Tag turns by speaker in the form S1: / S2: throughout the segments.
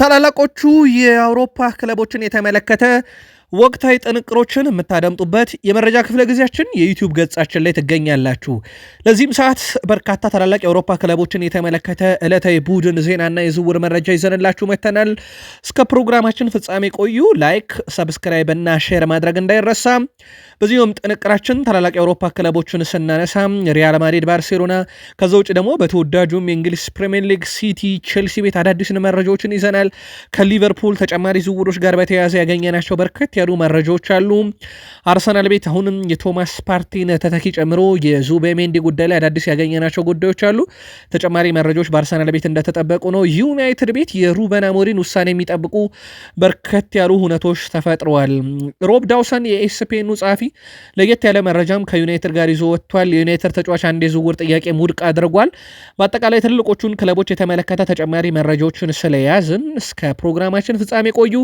S1: ታላላቆቹ የአውሮፓ ክለቦችን የተመለከተ ወቅታዊ ጥንቅሮችን የምታደምጡበት የመረጃ ክፍለ ጊዜያችን የዩቲዩብ ገጻችን ላይ ትገኛላችሁ። ለዚህም ሰዓት በርካታ ታላላቅ የአውሮፓ ክለቦችን የተመለከተ ዕለታዊ ቡድን ዜናና የዝውውር መረጃ ይዘንላችሁ መተናል። እስከ ፕሮግራማችን ፍጻሜ ቆዩ። ላይክ፣ ሰብስክራይብ እና ሼር ማድረግ እንዳይረሳ። በዚሁም ጥንቅራችን ታላላቅ የአውሮፓ ክለቦችን ስናነሳ ሪያል ማድሪድ፣ ባርሴሎና ከዛ ውጭ ደግሞ በተወዳጁም የእንግሊዝ ፕሪሚየር ሊግ ሲቲ፣ ቼልሲ ቤት አዳዲስን መረጃዎችን ይዘናል። ከሊቨርፑል ተጨማሪ ዝውውሮች ጋር በተያያዘ ያገኘናቸው በርከት የተነገሩ መረጃዎች አሉ። አርሰናል ቤት አሁንም የቶማስ ፓርቲን ተተኪ ጨምሮ የዙቤሜንዲ ጉዳይ ላይ አዳዲስ ያገኘናቸው ጉዳዮች አሉ። ተጨማሪ መረጃዎች በአርሰናል ቤት እንደተጠበቁ ነው። ዩናይትድ ቤት የሩበን አሞሪን ውሳኔ የሚጠብቁ በርከት ያሉ ሁነቶች ተፈጥረዋል። ሮብ ዳውሰን የኤስፔኑ ጸሐፊ ለየት ያለ መረጃም ከዩናይትድ ጋር ይዞ ወጥቷል። የዩናይትድ ተጫዋች አንድ የዝውውር ጥያቄ ውድቅ አድርጓል። በአጠቃላይ ትልቆቹን ክለቦች የተመለከተ ተጨማሪ መረጃዎችን ስለያዝን እስከ ፕሮግራማችን ፍጻሜ ቆዩ።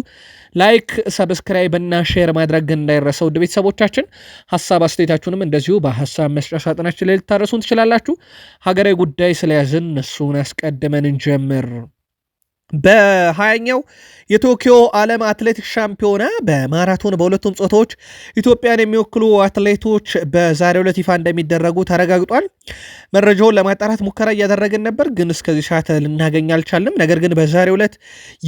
S1: ላይክ፣ ሰብስክራይብ እና ሼር ማድረግ እንዳይረሰው። ውድ ቤተሰቦቻችን ሀሳብ አስተያየታችሁንም እንደዚሁ በሀሳብ መስጫ ሳጥናችን ላይ ልታደርሱን ትችላላችሁ። ሀገራዊ ጉዳይ ስለያዝን እሱን አስቀድመን እንጀምር። በሀያኛው የቶኪዮ ዓለም አትሌቲክስ ሻምፒዮና በማራቶን በሁለቱም ጾታዎች ኢትዮጵያን የሚወክሉ አትሌቶች በዛሬው ዕለት ይፋ እንደሚደረጉ ተረጋግጧል። መረጃውን ለማጣራት ሙከራ እያደረግን ነበር፣ ግን እስከዚህ ሰዓት ልናገኝ አልቻልንም። ነገር ግን በዛሬው ዕለት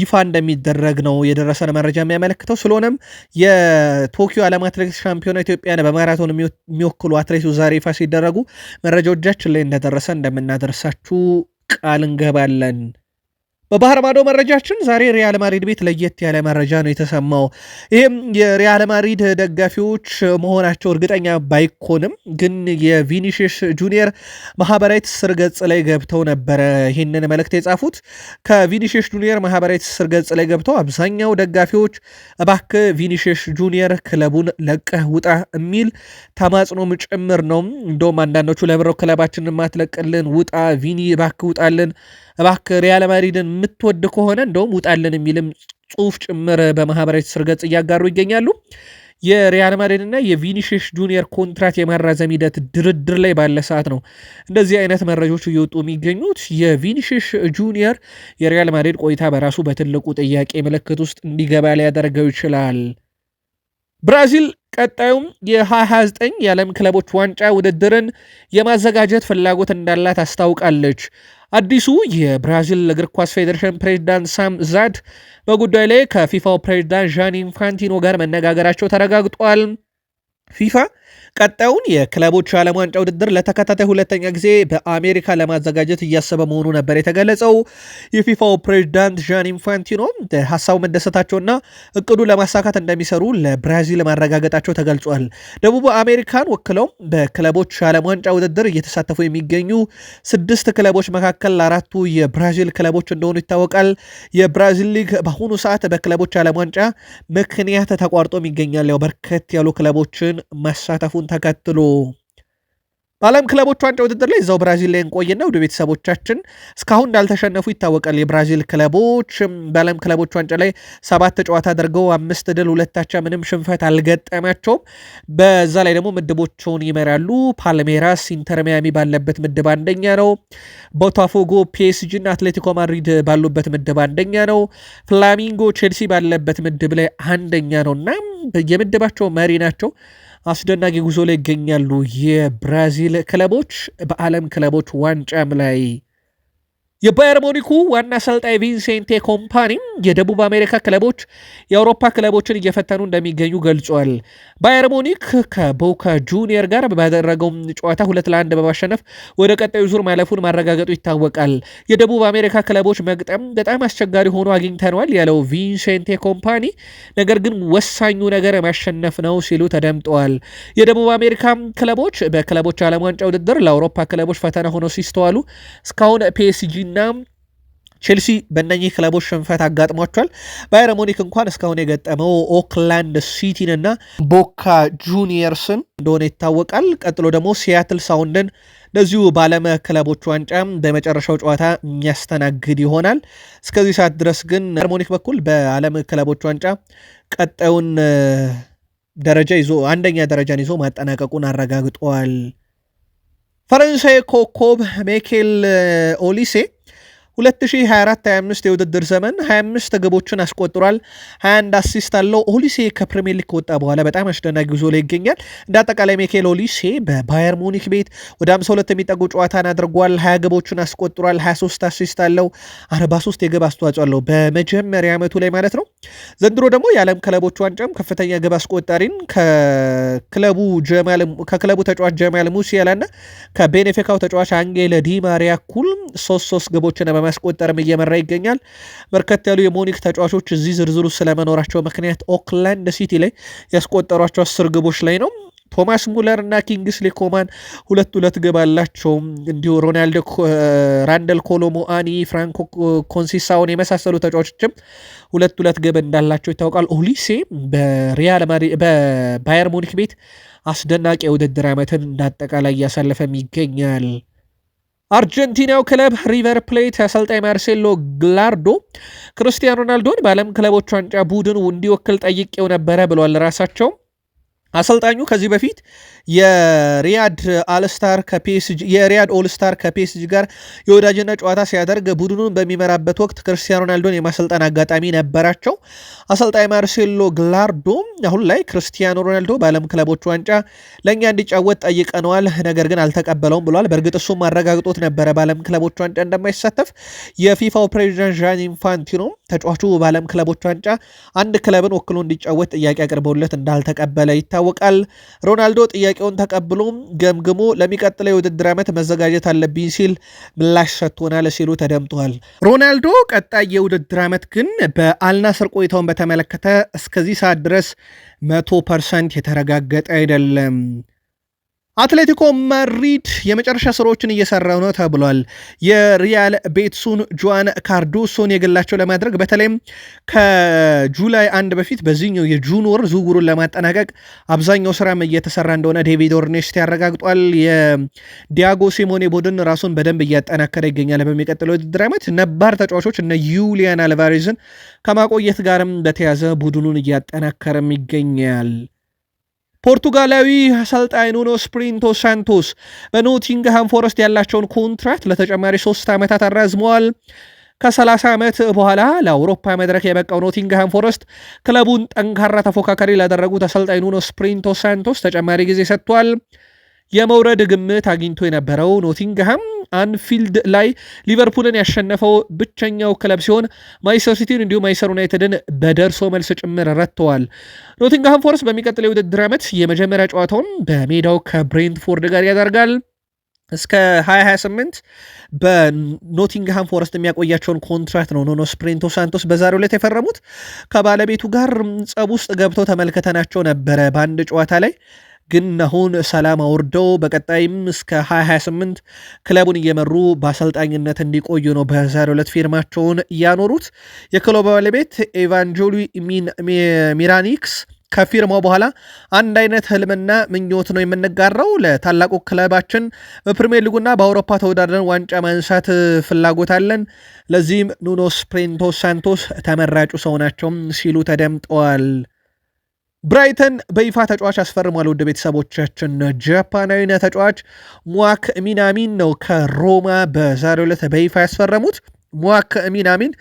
S1: ይፋ እንደሚደረግ ነው የደረሰን መረጃ የሚያመለክተው። ስለሆነም የቶኪዮ ዓለም አትሌቲክስ ሻምፒዮና ኢትዮጵያን በማራቶን የሚወክሉ አትሌቶች ዛሬ ይፋ ሲደረጉ መረጃው እጃችን ላይ እንደደረሰ እንደምናደርሳችሁ ቃል እንገባለን። በባህር ማዶ መረጃችን ዛሬ ሪያል ማድሪድ ቤት ለየት ያለ መረጃ ነው የተሰማው። ይህም የሪያል ማድሪድ ደጋፊዎች መሆናቸው እርግጠኛ ባይኮንም ግን የቪኒሽስ ጁኒየር ማህበራዊ ትስስር ገጽ ላይ ገብተው ነበረ ይህንን መልእክት የጻፉት። ከቪኒሽስ ጁኒየር ማህበራዊ ትስስር ገጽ ላይ ገብተው አብዛኛው ደጋፊዎች እባክ ቪኒሽስ ጁኒየር ክለቡን ለቀህ ውጣ የሚል ተማጽኖም ጭምር ነው። እንደውም አንዳንዶቹ ለብረው ክለባችን ማትለቅልን ውጣ ቪኒ እባክህ ውጣልን እባክህ ሪያል ማድሪድን የምትወድ ከሆነ እንደውም ውጣልን የሚልም ጽሁፍ ጭምር በማህበራዊ ትስስር ገጽ እያጋሩ ይገኛሉ። የሪያል ማድሪድና የቪኒሽስ ጁኒየር ኮንትራት የማራዘም ሂደት ድርድር ላይ ባለ ሰዓት ነው እንደዚህ አይነት መረጃዎች እየወጡ የሚገኙት። የቪኒሽስ ጁኒየር የሪያል ማድሪድ ቆይታ በራሱ በትልቁ ጥያቄ ምልክት ውስጥ እንዲገባ ሊያደርገው ይችላል። ብራዚል ቀጣዩም የ2029 የዓለም ክለቦች ዋንጫ ውድድርን የማዘጋጀት ፍላጎት እንዳላት አስታውቃለች። አዲሱ የብራዚል እግር ኳስ ፌዴሬሽን ፕሬዚዳንት ሳም ዛድ በጉዳዩ ላይ ከፊፋው ፕሬዚዳንት ዣን ኢንፋንቲኖ ጋር መነጋገራቸው ተረጋግጧል። ፊፋ ቀጣዩን የክለቦች የዓለም ዋንጫ ውድድር ለተከታታይ ሁለተኛ ጊዜ በአሜሪካ ለማዘጋጀት እያሰበ መሆኑ ነበር የተገለጸው። የፊፋው ፕሬዚዳንት ዣን ኢንፋንቲኖ ሀሳቡ መደሰታቸውና እቅዱ ለማሳካት እንደሚሰሩ ለብራዚል ማረጋገጣቸው ተገልጿል። ደቡብ አሜሪካን ወክለው በክለቦች የዓለም ዋንጫ ውድድር እየተሳተፉ የሚገኙ ስድስት ክለቦች መካከል አራቱ የብራዚል ክለቦች እንደሆኑ ይታወቃል። የብራዚል ሊግ በአሁኑ ሰዓት በክለቦች የዓለም ዋንጫ ምክንያት ተቋርጦም ይገኛል። ያው በርከት ያሉ ክለቦችን ማሳተፉ መውጣቱን ተከትሎ በዓለም ክለቦች ዋንጫ ውድድር ላይ እዛው ብራዚል ላይ እንቆይና ወደ ቤተሰቦቻችን እስካሁን እንዳልተሸነፉ ይታወቃል። የብራዚል ክለቦች በዓለም ክለቦች ዋንጫ ላይ ሰባት ጨዋታ አድርገው አምስት ድል፣ ሁለት አቻ፣ ምንም ሽንፈት አልገጠማቸውም። በዛ ላይ ደግሞ ምድቦቸውን ይመራሉ። ፓልሜራስ ኢንተር ሚያሚ ባለበት ምድብ አንደኛ ነው። ቦታፎጎ ፒኤስጂ እና አትሌቲኮ ማድሪድ ባሉበት ምድብ አንደኛ ነው። ፍላሚንጎ ቼልሲ ባለበት ምድብ ላይ አንደኛ ነው እና የምድባቸው መሪ ናቸው። አስደናቂ ጉዞ ላይ ይገኛሉ። የብራዚል ክለቦች በዓለም ክለቦች ዋንጫም ላይ የባየር ሞኒኩ ዋና አሰልጣኝ ቪንሴንቴ ኮምፓኒም የደቡብ አሜሪካ ክለቦች የአውሮፓ ክለቦችን እየፈተኑ እንደሚገኙ ገልጿል። ባየር ሞኒክ ከቦካ ጁኒየር ጋር ባደረገው ጨዋታ ሁለት ለአንድ በማሸነፍ ወደ ቀጣዩ ዙር ማለፉን ማረጋገጡ ይታወቃል። የደቡብ አሜሪካ ክለቦች መግጠም በጣም አስቸጋሪ ሆኖ አግኝተነዋል ያለው ቪንሴንቴ ኮምፓኒ፣ ነገር ግን ወሳኙ ነገር ማሸነፍ ነው ሲሉ ተደምጠዋል። የደቡብ አሜሪካ ክለቦች በክለቦች ዓለም ዋንጫ ውድድር ለአውሮፓ ክለቦች ፈተና ሆነው ሲስተዋሉ እስካሁን ፒኤስጂ እና ቼልሲ በእነኚህ ክለቦች ሽንፈት አጋጥሟቸዋል። ባየር ሙኒክ እንኳን እስካሁን የገጠመው ኦክላንድ ሲቲን እና ቦካ ጁኒየርስን እንደሆነ ይታወቃል። ቀጥሎ ደግሞ ሲያትል ሳውንድን እንደዚሁ በዓለም ክለቦች ዋንጫ በመጨረሻው ጨዋታ የሚያስተናግድ ይሆናል። እስከዚህ ሰዓት ድረስ ግን ባየር ሙኒክ በኩል በዓለም ክለቦች ዋንጫ ቀጣዩን ደረጃ ይዞ አንደኛ ደረጃን ይዞ ማጠናቀቁን አረጋግጠዋል። ፈረንሳይ ኮከብ ሚኬል ኦሊሴ 2024-25 የውድድር ዘመን 25 ግቦችን አስቆጥሯል። 21 አሲስት አለው። ኦሊሴ ከፕሪሚየር ሊግ ከወጣ በኋላ በጣም አስደናቂ ጉዞ ላይ ይገኛል። እንደ አጠቃላይ ሚኬል ኦሊሴ በባየር ሙኒክ ቤት ወደ 52 የሚጠጉ ጨዋታን አድርጓል። 20 ግቦችን አስቆጥሯል። 23 አሲስት አለው። 43 የግብ አስተዋጽኦ አለው በመጀመሪያ ዓመቱ ላይ ማለት ነው። ዘንድሮ ደግሞ የዓለም ክለቦች ዋንጫም ከፍተኛ ግብ አስቆጣሪን ከክለቡ ተጫዋች ጀማል ሙሲያላ እና ከቤኔፊካው ተጫዋች አንጌለ ዲ ማሪያ ኩል 3 3 ግቦችን በማስቆጠርም እየመራ ይገኛል። በርከት ያሉ የሙኒክ ተጫዋቾች እዚህ ዝርዝሩ ስለመኖራቸው ምክንያት ኦክላንድ ሲቲ ላይ ያስቆጠሯቸው አስር ግቦች ላይ ነው። ቶማስ ሙለር እና ኪንግስሊ ኮማን ሁለት ሁለት ግብ አላቸው። እንዲሁ ሮናልዶ ራንደል ኮሎሞ አኒ ፍራንኮ ኮንሲሳውን የመሳሰሉ ተጫዋቾችም ሁለት ሁለት ግብ እንዳላቸው ይታወቃል። ኦሊሴ በሪያል በባየር ሙኒክ ቤት አስደናቂ የውድድር ዓመትን እንዳጠቃላይ እያሳለፈም ይገኛል። አርጀንቲናው ክለብ ሪቨር ፕሌት አሰልጣኝ ማርሴሎ ግላርዶ ክርስቲያን ሮናልዶን በዓለም ክለቦች ዋንጫ ቡድን እንዲወክል ጠይቄው ነበረ ብሏል። ራሳቸው አሰልጣኙ ከዚህ በፊት የሪያድ አልስታር ከፒኤስጂ የሪያድ ኦልስታር ከፒኤስጂ ጋር የወዳጅነት ጨዋታ ሲያደርግ ቡድኑን በሚመራበት ወቅት ክርስቲያኖ ሮናልዶን የማሰልጠን አጋጣሚ ነበራቸው። አሰልጣኝ ማርሴሎ ግላርዶ አሁን ላይ ክርስቲያኖ ሮናልዶ በዓለም ክለቦች ዋንጫ ለእኛ እንዲጫወት ጠይቀነዋል፣ ነገር ግን አልተቀበለውም ብሏል። በእርግጥ እሱም ማረጋግጦት ነበረ በዓለም ክለቦች ዋንጫ እንደማይሳተፍ። የፊፋው ፕሬዚዳንት ዣን ኢንፋንቲኖ ተጫዋቹ በዓለም ክለቦች ዋንጫ አንድ ክለብን ወክሎ እንዲጫወት ጥያቄ አቅርበውለት እንዳልተቀበለ ይታወቃል። ሮናልዶ ጥያቄ ጥያቄውን ተቀብሎም ገምግሞ ለሚቀጥለው የውድድር ዓመት መዘጋጀት አለብኝ ሲል ምላሽ ሰጥቶናል ሲሉ ተደምጧል። ሮናልዶ ቀጣይ የውድድር ዓመት ግን በአልናስር ቆይታውን በተመለከተ እስከዚህ ሰዓት ድረስ መቶ ፐርሰንት የተረጋገጠ አይደለም። አትሌቲኮ ማድሪድ የመጨረሻ ስራዎችን እየሰራው ነው ተብሏል። የሪያል ቤትሱን ጁዋን ካርዶሶን የግላቸው ለማድረግ በተለይም ከጁላይ አንድ በፊት በዚህኛው የጁን ወር ዝውውሩን ለማጠናቀቅ አብዛኛው ስራም እየተሰራ እንደሆነ ዴቪድ ኦርኔስት ያረጋግጧል። የዲያጎ ሲሞኔ ቡድን ራሱን በደንብ እያጠናከረ ይገኛል። በሚቀጥለው ውድድር ዓመት ነባር ተጫዋቾች እነ ዩሊያን አልቫሬዝን ከማቆየት ጋርም በተያዘ ቡድኑን እያጠናከረም ይገኛል። ፖርቱጋላዊ አሰልጣኝ ኑኖ ስፕሪንቶ ሳንቶስ በኖቲንግሃም ፎረስት ያላቸውን ኮንትራክት ለተጨማሪ ሶስት ዓመታት አራዝመዋል። ከ30 ዓመት በኋላ ለአውሮፓ መድረክ የበቃው ኖቲንግሃም ፎረስት ክለቡን ጠንካራ ተፎካካሪ ላደረጉት አሰልጣኝ ኑኖ ስፕሪንቶ ሳንቶስ ተጨማሪ ጊዜ ሰጥቷል። የመውረድ ግምት አግኝቶ የነበረው ኖቲንግሃም አንፊልድ ላይ ሊቨርፑልን ያሸነፈው ብቸኛው ክለብ ሲሆን ማንቸስተር ሲቲን እንዲሁም ማንቸስተር ዩናይትድን በደርሶ መልስ ጭምር ረትተዋል። ኖቲንግሃም ፎረስት በሚቀጥለው የውድድር ዓመት የመጀመሪያ ጨዋታውን በሜዳው ከብሬንትፎርድ ጋር ያደርጋል። እስከ 2028 በኖቲንግሃም ፎረስት የሚያቆያቸውን ኮንትራት ነው ኖኖ ስፕሪንቶ ሳንቶስ በዛሬው ዕለት የፈረሙት። ከባለቤቱ ጋር ጸብ ውስጥ ገብተው ተመልክተናቸው ነበረ በአንድ ጨዋታ ላይ ግን አሁን ሰላም አውርደው በቀጣይም እስከ 2028 ክለቡን እየመሩ በአሰልጣኝነት እንዲቆዩ ነው በዛሬው ዕለት ፊርማቸውን ያኖሩት። የክለቡ ባለቤት ኤቫንጆሊ ሚራኒክስ ከፊርማው በኋላ አንድ አይነት ህልምና ምኞት ነው የምንጋራው። ለታላቁ ክለባችን በፕሪሚየር ሊጉና በአውሮፓ ተወዳድረን ዋንጫ ማንሳት ፍላጎት አለን። ለዚህም ኑኖ ስፕሪንቶ ሳንቶስ ተመራጩ ሰው ናቸው ሲሉ ተደምጠዋል። ብራይተን በይፋ ተጫዋች አስፈርሟል። ውድ ቤተሰቦቻችን ጃፓናዊን ተጫዋች ሟክ ሚናሚን ነው ከሮማ በዛሬው ዕለት በይፋ ያስፈረሙት። ሟክ ሚናሚን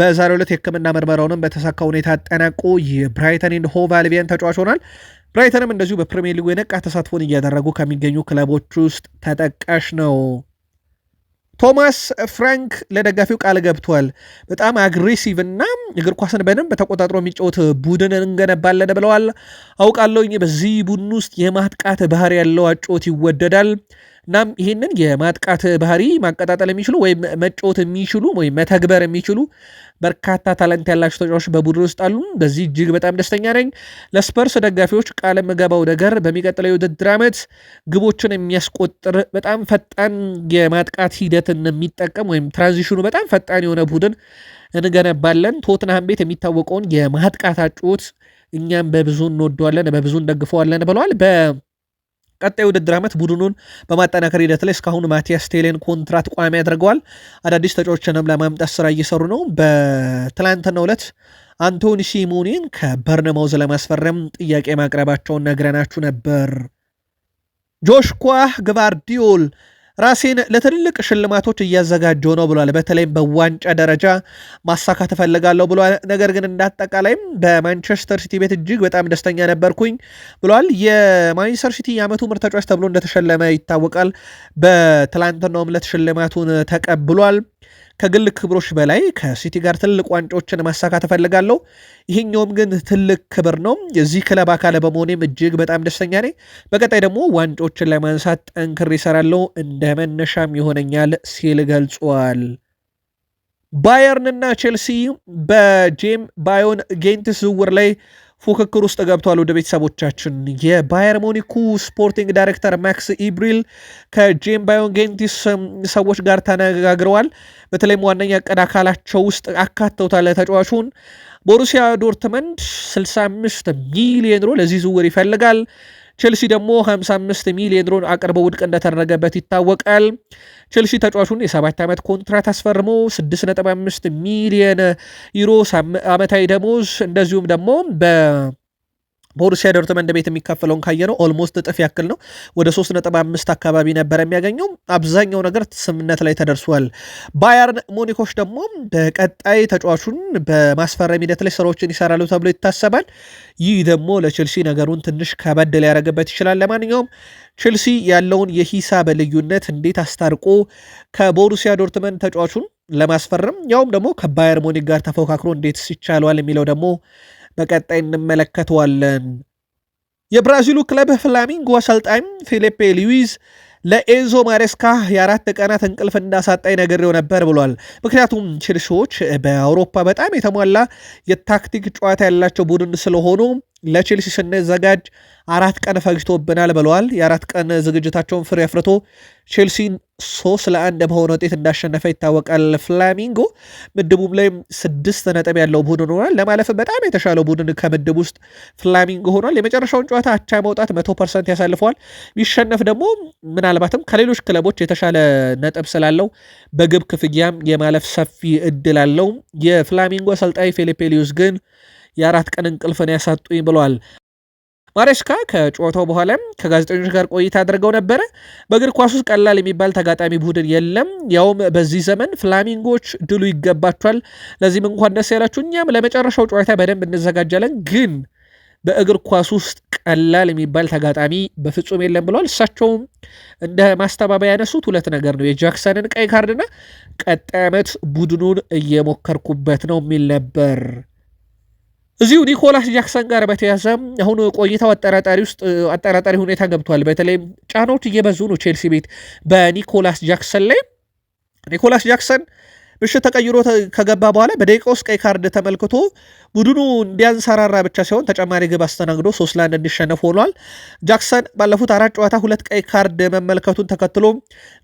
S1: በዛሬው ዕለት የሕክምና ምርመራውንም በተሳካ ሁኔታ አጠናቆ የብራይተን ኤንድ ሆቭ ተጫዋች ሆናል። ብራይተንም እንደዚሁ በፕሪሚየር ሊጉ የነቃ ተሳትፎን እያደረጉ ከሚገኙ ክለቦች ውስጥ ተጠቃሽ ነው። ቶማስ ፍራንክ ለደጋፊው ቃል ገብቷል። በጣም አግሬሲቭ እና እግር ኳስን በደንብ ተቆጣጥሮ የሚጫወት ቡድን እንገነባለን ብለዋል። አውቃለሁኝ በዚህ ቡድን ውስጥ የማጥቃት ባህር ያለው አጨዋወት ይወደዳል። እናም ይህንን የማጥቃት ባህሪ ማቀጣጠል የሚችሉ ወይም መጫወት የሚችሉ ወይም መተግበር የሚችሉ በርካታ ታለንት ያላቸው ተጫዋች በቡድን ውስጥ አሉ። በዚህ እጅግ በጣም ደስተኛ ነኝ። ለስፐርስ ደጋፊዎች ቃለ የምገባው ነገር በሚቀጥለው የውድድር ዓመት ግቦችን የሚያስቆጥር በጣም ፈጣን የማጥቃት ሂደትን የሚጠቀም ወይም ትራንዚሽኑ በጣም ፈጣን የሆነ ቡድን እንገነባለን። ቶትንሃም ቤት የሚታወቀውን የማጥቃት አጨዋወት እኛም በብዙ እንወደዋለን፣ በብዙ እንደግፈዋለን ብለዋል። ቀጣይ ውድድር ዓመት ቡድኑን በማጠናከር ሂደት ላይ እስካሁን ማቲያስ ቴሌን ኮንትራት ቋሚ አድርገዋል። አዳዲስ ተጫዋቾችንም ለማምጣት ስራ እየሰሩ ነው። በትላንትናው ዕለት አንቶኒ ሲሞኒን ከበርነማውዝ ለማስፈረም ጥያቄ ማቅረባቸውን ነግረናችሁ ነበር። ጆሽኳ ግቫርዲዮል ራሴን ለትልልቅ ሽልማቶች እያዘጋጀው ነው ብሏል። በተለይም በዋንጫ ደረጃ ማሳካት እፈልጋለሁ ብሏል። ነገር ግን እንዳጠቃላይም በማንቸስተር ሲቲ ቤት እጅግ በጣም ደስተኛ ነበርኩኝ ብሏል። የማንቸስተር ሲቲ የዓመቱ ምርጥ ተጫዋች ተብሎ እንደተሸለመ ይታወቃል። በትላንትናውም ዕለት ሽልማቱን ተቀብሏል። ከግል ክብሮች በላይ ከሲቲ ጋር ትልቅ ዋንጫዎችን ማሳካት እፈልጋለሁ። ይሄኛውም ግን ትልቅ ክብር ነው። የዚህ ክለብ አካል በመሆኔም እጅግ በጣም ደስተኛ ነኝ። በቀጣይ ደግሞ ዋንጫዎችን ለማንሳት ጠንክር እሰራለሁ፣ እንደ መነሻም ይሆነኛል ሲል ገልጿል። ባየርንና ቼልሲ በጄም ባዮን ጌንት ዝውውር ላይ ፉክክር ውስጥ ገብቷል። ወደ ቤተሰቦቻችን የባየር ሞኒኩ ስፖርቲንግ ዳይሬክተር ማክስ ኢብሪል ከጄም ባዮን ጌንቲስ ሰዎች ጋር ተነጋግረዋል። በተለይም ዋነኛ ዕቅድ አካላቸው ውስጥ አካተውታል ተጫዋቹን። ቦሩሲያ ዶርትመንድ 65 ሚሊዮን ዩሮ ለዚህ ዝውውር ይፈልጋል። ቼልሲ ደግሞ 55 ሚሊዮን ዩሮን አቅርቦ ውድቅ እንደተደረገበት ይታወቃል። ቼልሲ ተጫዋቹን የሰባት ዓመት ኮንትራት አስፈርሞ 6.5 ሚሊዮን ዩሮ ዓመታዊ ደሞዝ እንደዚሁም ደግሞ በ ቦሩሲያ ዶርትመንድ ቤት የሚካፈለውን ካየነው ኦልሞስት እጥፍ ያክል ነው። ወደ 3.5 አካባቢ ነበር የሚያገኘው። አብዛኛው ነገር ስምምነት ላይ ተደርሷል። ባየርን ሙኒኮች ደግሞ በቀጣይ ተጫዋቹን በማስፈረም ሂደት ላይ ስራዎችን ይሰራሉ ተብሎ ይታሰባል። ይህ ደግሞ ለቼልሲ ነገሩን ትንሽ ከበድ ሊያደርግበት ይችላል። ለማንኛውም ቼልሲ ያለውን የሂሳብ ልዩነት እንዴት አስታርቆ ከቦሩሲያ ዶርትመንድ ተጫዋቹን ለማስፈረም ያውም ደግሞ ከባየር ሙኒክ ጋር ተፎካክሮ እንዴት ይቻለዋል የሚለው ደግሞ በቀጣይ እንመለከተዋለን። የብራዚሉ ክለብ ፍላሚንጎ አሰልጣኝ ፊሊፔ ሉዊዝ ለኤንዞ ማሬስካ የአራት ቀናት እንቅልፍ እንዳሳጣኝ ነግሬው ነበር ብሏል። ምክንያቱም ቼልሲዎች በአውሮፓ በጣም የተሟላ የታክቲክ ጨዋታ ያላቸው ቡድን ስለሆኑ ለቼልሲ ስንዘጋጅ አራት ቀን ፈጅቶብናል ብለዋል። የአራት ቀን ዝግጅታቸውን ፍሬ አፍርቶ ቼልሲን ሶስት ለአንድ በሆነ ውጤት እንዳሸነፈ ይታወቃል። ፍላሚንጎ ምድቡም ላይም ስድስት ነጥብ ያለው ቡድን ሆኗል። ለማለፍ በጣም የተሻለው ቡድን ከምድብ ውስጥ ፍላሚንጎ ሆኗል። የመጨረሻውን ጨዋታ አቻ መውጣት መቶ ፐርሰንት ያሳልፈዋል። ቢሸነፍ ደግሞ ምናልባትም ከሌሎች ክለቦች የተሻለ ነጥብ ስላለው በግብ ክፍያም የማለፍ ሰፊ እድል አለው። የፍላሚንጎ አሰልጣኝ ፊሊፔ ሊዩስ ግን የአራት ቀን እንቅልፍን ያሳጡኝ ብሏል። ማሬስካ ከጨዋታው በኋላም ከጋዜጠኞች ጋር ቆይታ አድርገው ነበረ። በእግር ኳስ ውስጥ ቀላል የሚባል ተጋጣሚ ቡድን የለም፣ ያውም በዚህ ዘመን ፍላሚንጎች ድሉ ይገባቸዋል። ለዚህም እንኳን ደስ ያላችሁ። እኛም ለመጨረሻው ጨዋታ በደንብ እንዘጋጃለን፣ ግን በእግር ኳስ ውስጥ ቀላል የሚባል ተጋጣሚ በፍጹም የለም ብለዋል። እሳቸውም እንደ ማስተባበያ ያነሱት ሁለት ነገር ነው፣ የጃክሰንን ቀይ ካርድና ቀጣይ ዓመት ቡድኑን እየሞከርኩበት ነው የሚል ነበር። እዚሁ ኒኮላስ ጃክሰን ጋር በተያዘ አሁን ቆይታው አጠራጣሪ ውስጥ አጠራጣሪ ሁኔታ ገብቷል። በተለይም ጫናዎች እየበዙ ነው ቼልሲ ቤት በኒኮላስ ጃክሰን ላይ ኒኮላስ ጃክሰን ምሽት ተቀይሮ ከገባ በኋላ በደቂቃ ውስጥ ቀይ ካርድ ተመልክቶ ቡድኑ እንዲያንሰራራ ብቻ ሳይሆን ተጨማሪ ግብ አስተናግዶ ሶስት ለአንድ እንዲሸነፍ ሆኗል። ጃክሰን ባለፉት አራት ጨዋታ ሁለት ቀይ ካርድ መመልከቱን ተከትሎ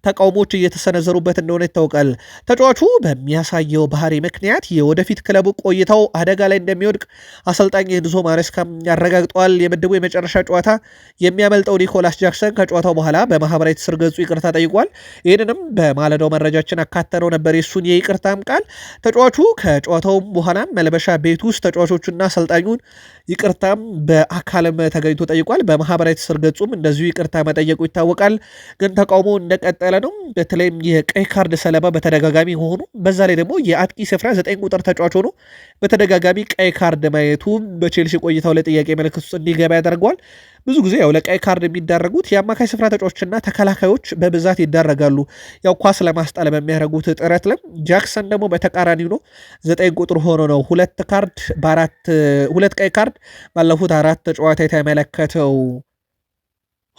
S1: ተቃውሞች እየተሰነዘሩበት እንደሆነ ይታወቃል። ተጫዋቹ በሚያሳየው ባህሪ ምክንያት የወደፊት ክለቡ ቆይታው አደጋ ላይ እንደሚወድቅ አሰልጣኝ ኤንዞ ማሬስካ ያረጋግጠዋል። የምድቡ የመጨረሻ ጨዋታ የሚያመልጠው ኒኮላስ ጃክሰን ከጨዋታው በኋላ በማህበራዊ ትስስር ገጹ ይቅርታ ጠይቋል። ይህንንም በማለዳው መረጃችን አካተነው ነበር የሱን ይቅርታም ቃል ተጫዋቹ ከጨዋታውም በኋላም መልበሻ ቤት ውስጥ ተጫዋቾቹና አሰልጣኙን ይቅርታም በአካልም ተገኝቶ ጠይቋል። በማህበራዊ ትስስር ገጹም እንደዚሁ ይቅርታ መጠየቁ ይታወቃል። ግን ተቃውሞ እንደቀጠለ ነው። በተለይም የቀይ ካርድ ሰለባ በተደጋጋሚ ሆኑ። በዛ ላይ ደግሞ የአጥቂ ስፍራ ዘጠኝ ቁጥር ተጫዋች ሆኖ በተደጋጋሚ ቀይ ካርድ ማየቱ በቼልሲ ቆይታው ለጥያቄ መልክት ውስጥ እንዲገባ ያደርገዋል። ብዙ ጊዜ ያው ለቀይ ካርድ የሚዳረጉት የአማካይ ስፍራ ተጫዋቾችና ተከላካዮች በብዛት ይዳረጋሉ። ያው ኳስ ለማስጣል በሚያደርጉት ጥረት ለም ጃክሰን ደግሞ በተቃራኒው ነው። ዘጠኝ ቁጥር ሆኖ ነው ሁለት ካርድ በአራት ሁለት ቀይ ካርድ ባለፉት አራት ጨዋታ የተመለከተው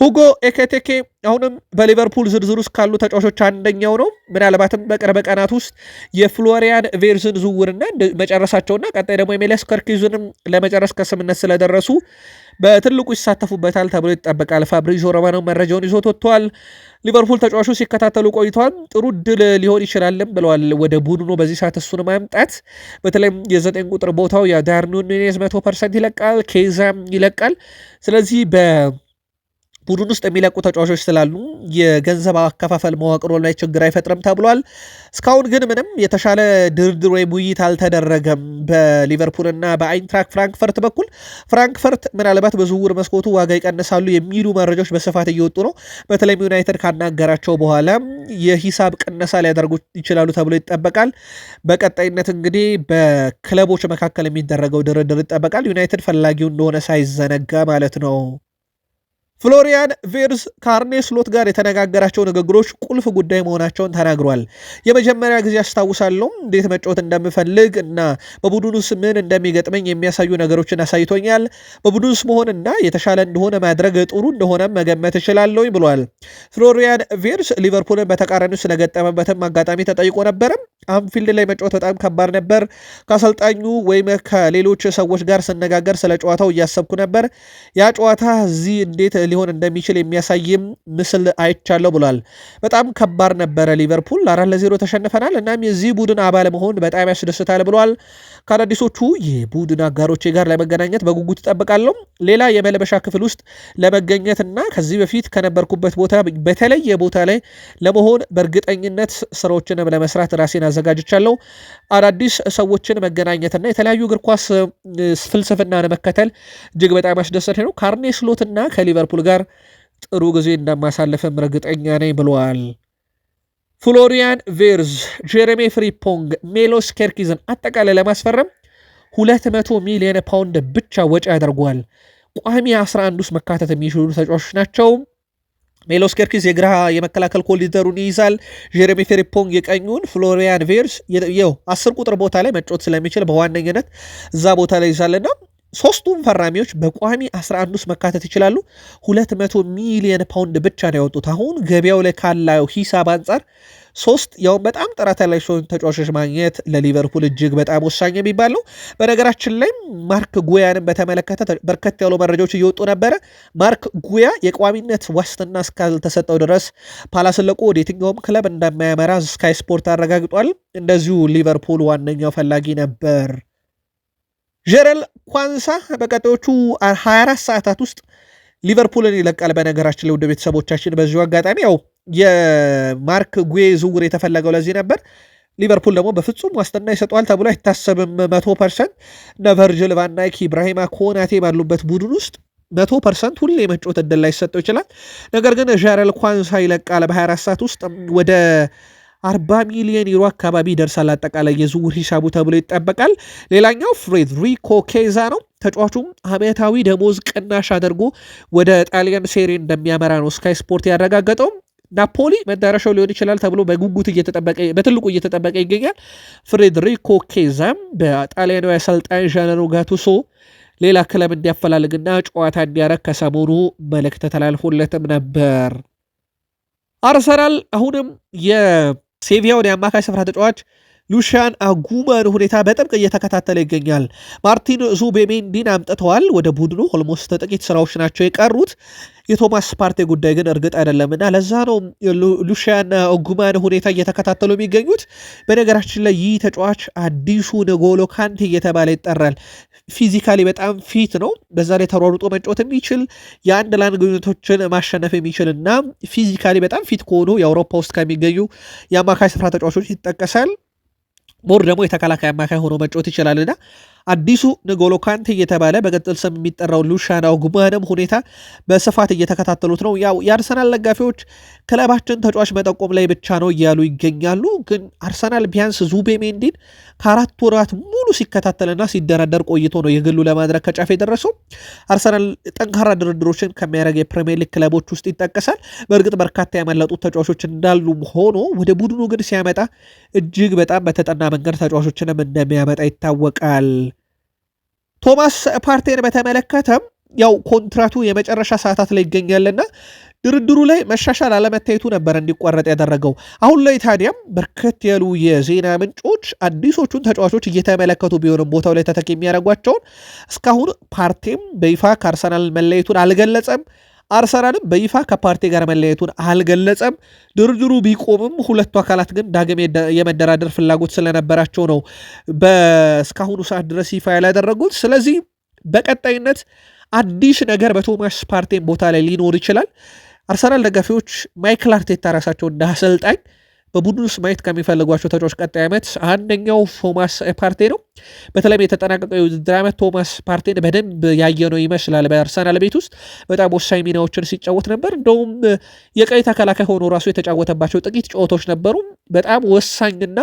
S1: ሁጎ ኤኬቴኬ አሁንም በሊቨርፑል ዝርዝር ውስጥ ካሉ ተጫዋቾች አንደኛው ነው። ምናልባትም በቅርብ ቀናት ውስጥ የፍሎሪያን ቬርዝን ዝውውርና መጨረሳቸውና ቀጣይ ደግሞ የሜሊያስ ከርኪዝንም ለመጨረስ ከስምነት ስለደረሱ በትልቁ ይሳተፉበታል ተብሎ ይጠበቃል። ፋብሪዞ ሮማኖ መረጃውን ይዞት ወጥተዋል። ሊቨርፑል ተጫዋቹ ሲከታተሉ ቆይተዋል። ጥሩ ድል ሊሆን ይችላልም ብለዋል። ወደ ቡድኑ በዚህ ሰዓት እሱን ማምጣት በተለይም የዘጠኝ ቁጥር ቦታው የዳርዊን ኑኔዝ መቶ ፐርሰንት ይለቃል፣ ኬዛም ይለቃል። ስለዚህ በ ቡድን ውስጥ የሚለቁ ተጫዋቾች ስላሉ የገንዘብ አከፋፈል መዋቅሮ ላይ ችግር አይፈጥርም ተብሏል። እስካሁን ግን ምንም የተሻለ ድርድር ወይም ውይይት አልተደረገም በሊቨርፑልና በአይንትራክ ፍራንክፈርት በኩል። ፍራንክፈርት ምናልባት በዝውውር መስኮቱ ዋጋ ይቀንሳሉ የሚሉ መረጃዎች በስፋት እየወጡ ነው። በተለይም ዩናይትድ ካናገራቸው በኋላ የሂሳብ ቅነሳ ሊያደርጉ ይችላሉ ተብሎ ይጠበቃል። በቀጣይነት እንግዲህ በክለቦች መካከል የሚደረገው ድርድር ይጠበቃል። ዩናይትድ ፈላጊው እንደሆነ ሳይዘነጋ ማለት ነው። ፍሎሪያን ቬርስ ከአርኔ ስሎት ጋር የተነጋገራቸው ንግግሮች ቁልፍ ጉዳይ መሆናቸውን ተናግሯል። የመጀመሪያ ጊዜ አስታውሳለሁ እንዴት መጫወት እንደምፈልግ እና በቡድን ውስጥ ምን እንደሚገጥመኝ የሚያሳዩ ነገሮችን አሳይቶኛል። በቡድን ውስጥ መሆንና የተሻለ እንደሆነ ማድረግ ጥሩ እንደሆነ መገመት እችላለሁኝ ብሏል። ፍሎሪያን ቬርስ ሊቨርፑልን በተቃራኒው ስለገጠመበትም አጋጣሚ ተጠይቆ ነበርም። አንፊልድ ላይ መጫወት በጣም ከባድ ነበር። ከአሰልጣኙ ወይም ከሌሎች ሰዎች ጋር ስነጋገር ስለ ጨዋታው እያሰብኩ ነበር። ያ ጨዋታ እዚህ እንዴት ሊሆን እንደሚችል የሚያሳይም ምስል አይቻለሁ ብሏል። በጣም ከባድ ነበረ ሊቨርፑል አራት ለዜሮ ተሸንፈናል። እናም የዚህ ቡድን አባል መሆን በጣም ያስደስታል ብሏል። ከአዳዲሶቹ የቡድን አጋሮቼ ጋር ለመገናኘት በጉጉት እጠብቃለሁ። ሌላ የመለበሻ ክፍል ውስጥ ለመገኘትና ከዚህ በፊት ከነበርኩበት ቦታ በተለየ ቦታ ላይ ለመሆን በእርግጠኝነት ስራዎችን ለመስራት ራሴን አዘጋጅቻለሁ። አዳዲስ ሰዎችን መገናኘትና የተለያዩ እግር ኳስ ፍልስፍና ለመከተል እጅግ በጣም ያስደሰት ነው። ካርኔ ስሎትና ከሊቨርፑል ሊቨርፑል ጋር ጥሩ ጊዜ እንደማሳለፈም እርግጠኛ ነኝ ብለዋል። ፍሎሪያን ቬርዝ፣ ጀረሚ ፍሪፖንግ፣ ሜሎስ ኬርኪዝን አጠቃላይ ለማስፈረም 200 ሚሊዮን ፓውንድ ብቻ ወጪ ያደርጓል። ቋሚ 11 ውስጥ መካተት የሚችሉ ተጫዋቾች ናቸው። ሜሎስ ኬርኪዝ የግራ የመከላከል ኮሊደሩን ይይዛል። ጀረሚ ፌሪፖንግ የቀኙን፣ ፍሎሪያን ቬርስ ው 10 ቁጥር ቦታ ላይ መጫወት ስለሚችል በዋነኝነት እዛ ቦታ ላይ ይይዛልና ሶስቱም ፈራሚዎች በቋሚ 11 ውስጥ መካተት ይችላሉ። 200 ሚሊየን ፓውንድ ብቻ ነው ያወጡት። አሁን ገበያው ላይ ካላየው ሂሳብ አንጻር ሶስት ያውም በጣም ጥራት ያላቸው ተጫዋቾች ማግኘት ለሊቨርፑል እጅግ በጣም ወሳኝ የሚባል ነው። በነገራችን ላይም ማርክ ጉያንም በተመለከተ በርከት ያሉ መረጃዎች እየወጡ ነበረ። ማርክ ጉያ የቋሚነት ዋስትና እስካልተሰጠው ድረስ ፓላስን ለቆ ወደ የትኛውም ክለብ እንደማያመራ ስካይ ስፖርት አረጋግጧል። እንደዚሁ ሊቨርፑል ዋነኛው ፈላጊ ነበር። ጀረል ኳንሳ በቀጣዮቹ 24 ሰዓታት ውስጥ ሊቨርፑልን ይለቃል። በነገራችን ላይ ውድ ቤተሰቦቻችን በዚሁ አጋጣሚ ያው የማርክ ጉዌ ዝውውር የተፈለገው ለዚህ ነበር። ሊቨርፑል ደግሞ በፍጹም ዋስትና ይሰጠዋል ተብሎ አይታሰብም። መቶ ፐርሰንት እነ ቨርጅል ቫን ኢብራሂማ ኮናቴ ባሉበት ቡድን ውስጥ መቶ ፐርሰንት ሁሌ የመጫወት እድል ላይ ይሰጠው ይችላል። ነገር ግን ዣረል ኳንሳ ይለቃል በ24 ሰዓት ውስጥ ወደ 40 ሚሊዮን ዩሮ አካባቢ ይደርሳል አጠቃላይ የዝውውር ሂሳቡ ተብሎ ይጠበቃል። ሌላኛው ፍሬድሪኮ ኬዛ ነው። ተጫዋቹም አመታዊ ደሞዝ ቅናሽ አድርጎ ወደ ጣሊያን ሴሪ እንደሚያመራ ነው ስካይ ስፖርት ያረጋገጠው። ናፖሊ መዳረሻው ሊሆን ይችላል ተብሎ በጉጉት በትልቁ እየተጠበቀ ይገኛል። ፍሬድሪኮ ኬዛም በጣሊያናዊ አሰልጣኝ ዣነሮ ጋቱሶ ሌላ ክለብ እንዲያፈላልግና ጨዋታ እንዲያረግ ከሰሞኑ መልእክት ተላልፎለትም ነበር። አርሰናል አሁንም ሴቪያ ወደ አማካይ ስፍራ ተጫዋች ሉሻን አጉማን ሁኔታ በጥብቅ እየተከታተለ ይገኛል። ማርቲን ዙቤሜንዲን አምጥተዋል ወደ ቡድኑ። ኦልሞስት ጥቂት ስራዎች ናቸው የቀሩት። የቶማስ ፓርቴ ጉዳይ ግን እርግጥ አይደለም እና ለዛ ነው ሉሻን አጉማን ሁኔታ እየተከታተሉ የሚገኙት። በነገራችን ላይ ይህ ተጫዋች አዲሱ ንጎሎ ካንቴ እየተባለ ይጠራል። ፊዚካሊ በጣም ፊት ነው። በዛ ላይ ተሯሩጦ መጫወት የሚችል የአንድ ላንድ ግንኙነቶችን ማሸነፍ የሚችል እና ፊዚካሊ በጣም ፊት ከሆኑ የአውሮፓ ውስጥ ከሚገኙ የአማካይ ስፍራ ተጫዋቾች ይጠቀሳል። ሞር ደግሞ የተከላካይ አማካይ ሆኖ መጫወት ይችላልና አዲሱ ንጎሎ ካንቴ እየተባለ በቅጽል ስም የሚጠራው ሉሻናው ጉማንም ሁኔታ በስፋት እየተከታተሉት ነው። ያው የአርሰናል ደጋፊዎች ክለባችን ተጫዋች መጠቆም ላይ ብቻ ነው እያሉ ይገኛሉ። ግን አርሰናል ቢያንስ ሜንዲን ከአራት ወራት ሙሉ ሲከታተልና ሲደራደር ቆይቶ ነው የግሉ ለማድረግ ከጫፍ የደረሰው። አርሰናል ጠንካራ ድርድሮችን ከሚያደርግ የፕሪሚየር ሊግ ክለቦች ውስጥ ይጠቀሳል። በእርግጥ በርካታ ያመለጡት ተጫዋቾች እንዳሉም ሆኖ ወደ ቡድኑ ግን ሲያመጣ እጅግ በጣም በተጠና መንገድ ተጫዋቾችንም እንደሚያመጣ ይታወቃል። ቶማስ ፓርቴን በተመለከተም ያው ኮንትራቱ የመጨረሻ ሰዓታት ላይ ይገኛልና ድርድሩ ላይ መሻሻል አለመታየቱ ነበር እንዲቋረጥ ያደረገው። አሁን ላይ ታዲያም በርከት ያሉ የዜና ምንጮች አዲሶቹን ተጫዋቾች እየተመለከቱ ቢሆንም ቦታው ላይ ተተኪ የሚያደርጓቸውን እስካሁን ፓርቴም በይፋ ከአርሰናል መለየቱን አልገለጸም። አርሰናልም በይፋ ከፓርቲ ጋር መለያየቱን አልገለጸም። ድርድሩ ቢቆምም ሁለቱ አካላት ግን ዳግም የመደራደር ፍላጎት ስለነበራቸው ነው በእስካሁኑ ሰዓት ድረስ ይፋ ያላደረጉት። ስለዚህ በቀጣይነት አዲስ ነገር በቶማስ ፓርቴን ቦታ ላይ ሊኖር ይችላል። አርሰናል ደጋፊዎች ማይክል አርቴታ ራሳቸው እንደ አሰልጣኝ በቡድን ውስጥ ማየት ከሚፈልጓቸው ተጫዋች ቀጣይ ዓመት አንደኛው ቶማስ ፓርቴ ነው። በተለይም የተጠናቀቀው የውድድር ዓመት ቶማስ ፓርቴን በደንብ ያየነው ይመስላል። በአርሰናል ቤት ውስጥ በጣም ወሳኝ ሚናዎችን ሲጫወት ነበር። እንደውም የቀይ ተከላካይ ሆኖ ራሱ የተጫወተባቸው ጥቂት ጨዋታዎች ነበሩ። በጣም ወሳኝና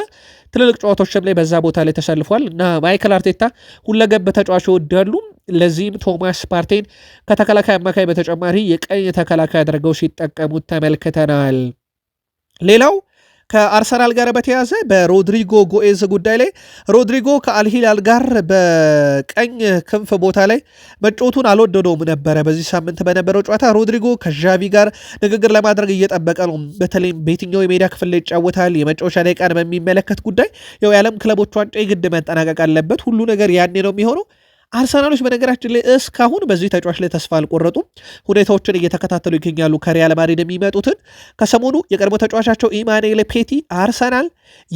S1: ትልልቅ ጨዋታዎችም ላይ በዛ ቦታ ላይ ተሰልፏል እና ማይክል አርቴታ ሁለገብ ተጫዋች ይወዳሉ። ለዚህም ቶማስ ፓርቴን ከተከላካይ አማካይ በተጨማሪ የቀኝ ተከላካይ አድርገው ሲጠቀሙት ተመልክተናል። ሌላው ከአርሰናል ጋር በተያዘ በሮድሪጎ ጎኤዝ ጉዳይ ላይ ሮድሪጎ ከአልሂላል ጋር በቀኝ ክንፍ ቦታ ላይ መጫወቱን አልወደደውም ነበረ። በዚህ ሳምንት በነበረው ጨዋታ ሮድሪጎ ከዣቪ ጋር ንግግር ለማድረግ እየጠበቀ ነው። በተለይም በየትኛው የሜዳ ክፍል ላይ ይጫወታል፣ የመጫወቻ ደቂቃን በሚመለከት ጉዳይ ያው የዓለም ክለቦች ዋንጫ የግድ መጠናቀቅ አለበት። ሁሉ ነገር ያኔ ነው የሚሆነው አርሰናሎች በነገራችን ላይ እስካሁን በዚህ ተጫዋች ላይ ተስፋ አልቆረጡም። ሁኔታዎችን እየተከታተሉ ይገኛሉ። ከሪያል ማድሪድ የሚመጡትን ከሰሞኑ የቀድሞ ተጫዋቻቸው ኢማኑኤል ፔቲ አርሰናል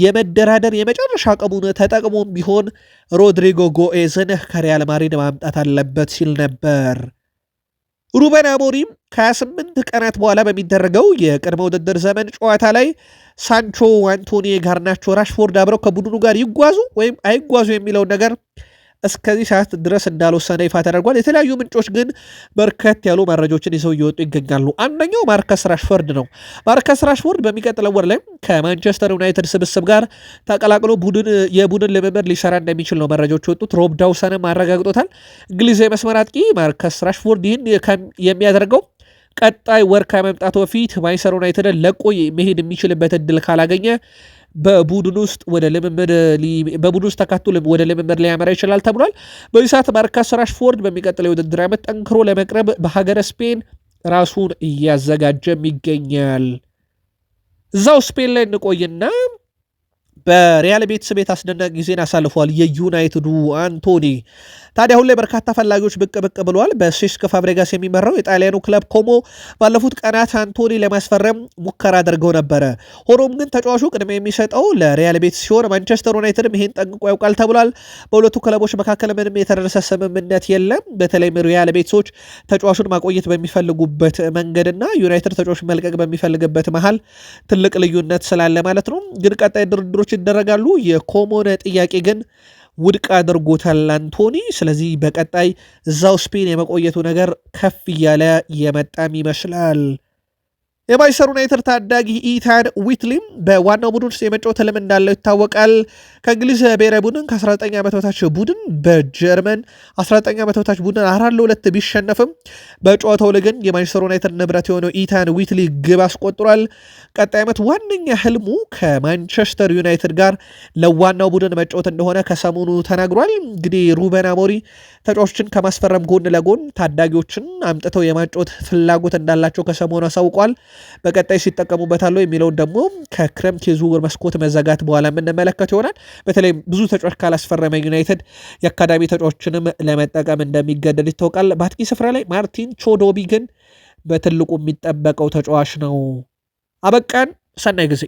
S1: የመደራደር የመጨረሻ ቀሙን ተጠቅሞም ቢሆን ሮድሪጎ ጎኤዝን ከሪያል ማድሪድ ማምጣት አለበት ሲል ነበር። ሩበን አሞሪም ከ28 ቀናት በኋላ በሚደረገው የቅድመ ውድድር ዘመን ጨዋታ ላይ ሳንቾ፣ አንቶኒ፣ ጋርናቾ፣ ራሽፎርድ አብረው ከቡድኑ ጋር ይጓዙ ወይም አይጓዙ የሚለውን ነገር እስከዚህ ሰዓት ድረስ እንዳልወሰነ ይፋ ተደርጓል። የተለያዩ ምንጮች ግን በርከት ያሉ መረጃዎችን ይዘው እየወጡ ይገኛሉ። አንደኛው ማርከስ ራሽፎርድ ነው። ማርከስ ራሽፎርድ በሚቀጥለው ወር ላይ ከማንቸስተር ዩናይትድ ስብስብ ጋር ተቀላቅሎ ቡድን የቡድን ልምምድ ሊሰራ እንደሚችል ነው መረጃዎች የወጡት። ሮብ ዳውሰንም አረጋግጦታል። እንግሊዝ የመስመር አጥቂ ማርከስ ራሽፎርድ ይህን የሚያደርገው ቀጣይ ወር ከመምጣቱ በፊት ማንቸስተር ዩናይትድን ለቆ መሄድ የሚችልበት እድል ካላገኘ በቡድን ውስጥ ወደ ልምምድ በቡድን ውስጥ ተካቶ ወደ ልምምድ ሊያመራ ይችላል ተብሏል። በዚህ ሰዓት ማርከስ ራሽፎርድ በሚቀጥለው የውድድር ዓመት ጠንክሮ ለመቅረብ በሀገረ ስፔን ራሱን እያዘጋጀም ይገኛል። እዛው ስፔን ላይ እንቆይና በሪያል ቤትስ ቤት አስደናቂ ጊዜን አሳልፏል የዩናይትዱ አንቶኒ። ታዲያ አሁን ላይ በርካታ ፈላጊዎች ብቅ ብቅ ብለዋል። በሴስክ ፋብሬጋስ የሚመራው የጣሊያኑ ክለብ ኮሞ ባለፉት ቀናት አንቶኒ ለማስፈረም ሙከራ አድርገው ነበረ። ሆኖም ግን ተጫዋቹ ቅድሚያ የሚሰጠው ለሪያል ቤትስ ሲሆን ማንቸስተር ዩናይትድም ይሄን ጠንቅቆ ያውቃል ተብሏል። በሁለቱ ክለቦች መካከል ምንም የተደረሰ ስምምነት የለም። በተለይም ሪያል ቤትሶች ተጫዋቹን ማቆየት በሚፈልጉበት መንገድና ዩናይትድ ተጫዋች መልቀቅ በሚፈልግበት መሀል ትልቅ ልዩነት ስላለ ማለት ነው። ግን ቀጣይ ድርድሮች ጥረቶች ይደረጋሉ። የኮሞነ ጥያቄ ግን ውድቅ አድርጎታል አንቶኒ። ስለዚህ በቀጣይ እዛው ስፔን የመቆየቱ ነገር ከፍ እያለ የመጣም ይመስላል። የማንችስተር ዩናይትድ ታዳጊ ኢታን ዊትሊም በዋናው ቡድን ውስጥ የመጫወት ልምድ እንዳለው ይታወቃል። ከእንግሊዝ ብሔራዊ ቡድን ከ19 ዓመት በታች ቡድን በጀርመን 19 ዓመት በታች ቡድን አራት ለሁለት ቢሸነፍም በጨዋታው ላይ ግን የማንቸስተር ዩናይትድ ንብረት የሆነው ኢታን ዊትሊ ግብ አስቆጥሯል። ቀጣይ ዓመት ዋነኛ ህልሙ ከማንቸስተር ዩናይትድ ጋር ለዋናው ቡድን መጫወት እንደሆነ ከሰሞኑ ተናግሯል። እንግዲህ ሩበን አሞሪ ተጫዋቾችን ከማስፈረም ጎን ለጎን ታዳጊዎችን አምጥተው የማጫወት ፍላጎት እንዳላቸው ከሰሞኑ አሳውቋል። በቀጣይ ሲጠቀሙበታል የሚለውን ደግሞ ከክረምት የዝውውር መስኮት መዘጋት በኋላ የምንመለከት ይሆናል። በተለይ ብዙ ተጫዋች ካላስፈረመ ዩናይትድ የአካዳሚ ተጫዋችንም ለመጠቀም እንደሚገደድ ይታወቃል። በአጥቂ ስፍራ ላይ ማርቲን ቾዶቢ ግን በትልቁ የሚጠበቀው ተጫዋች ነው። አበቃን። ሰናይ ጊዜ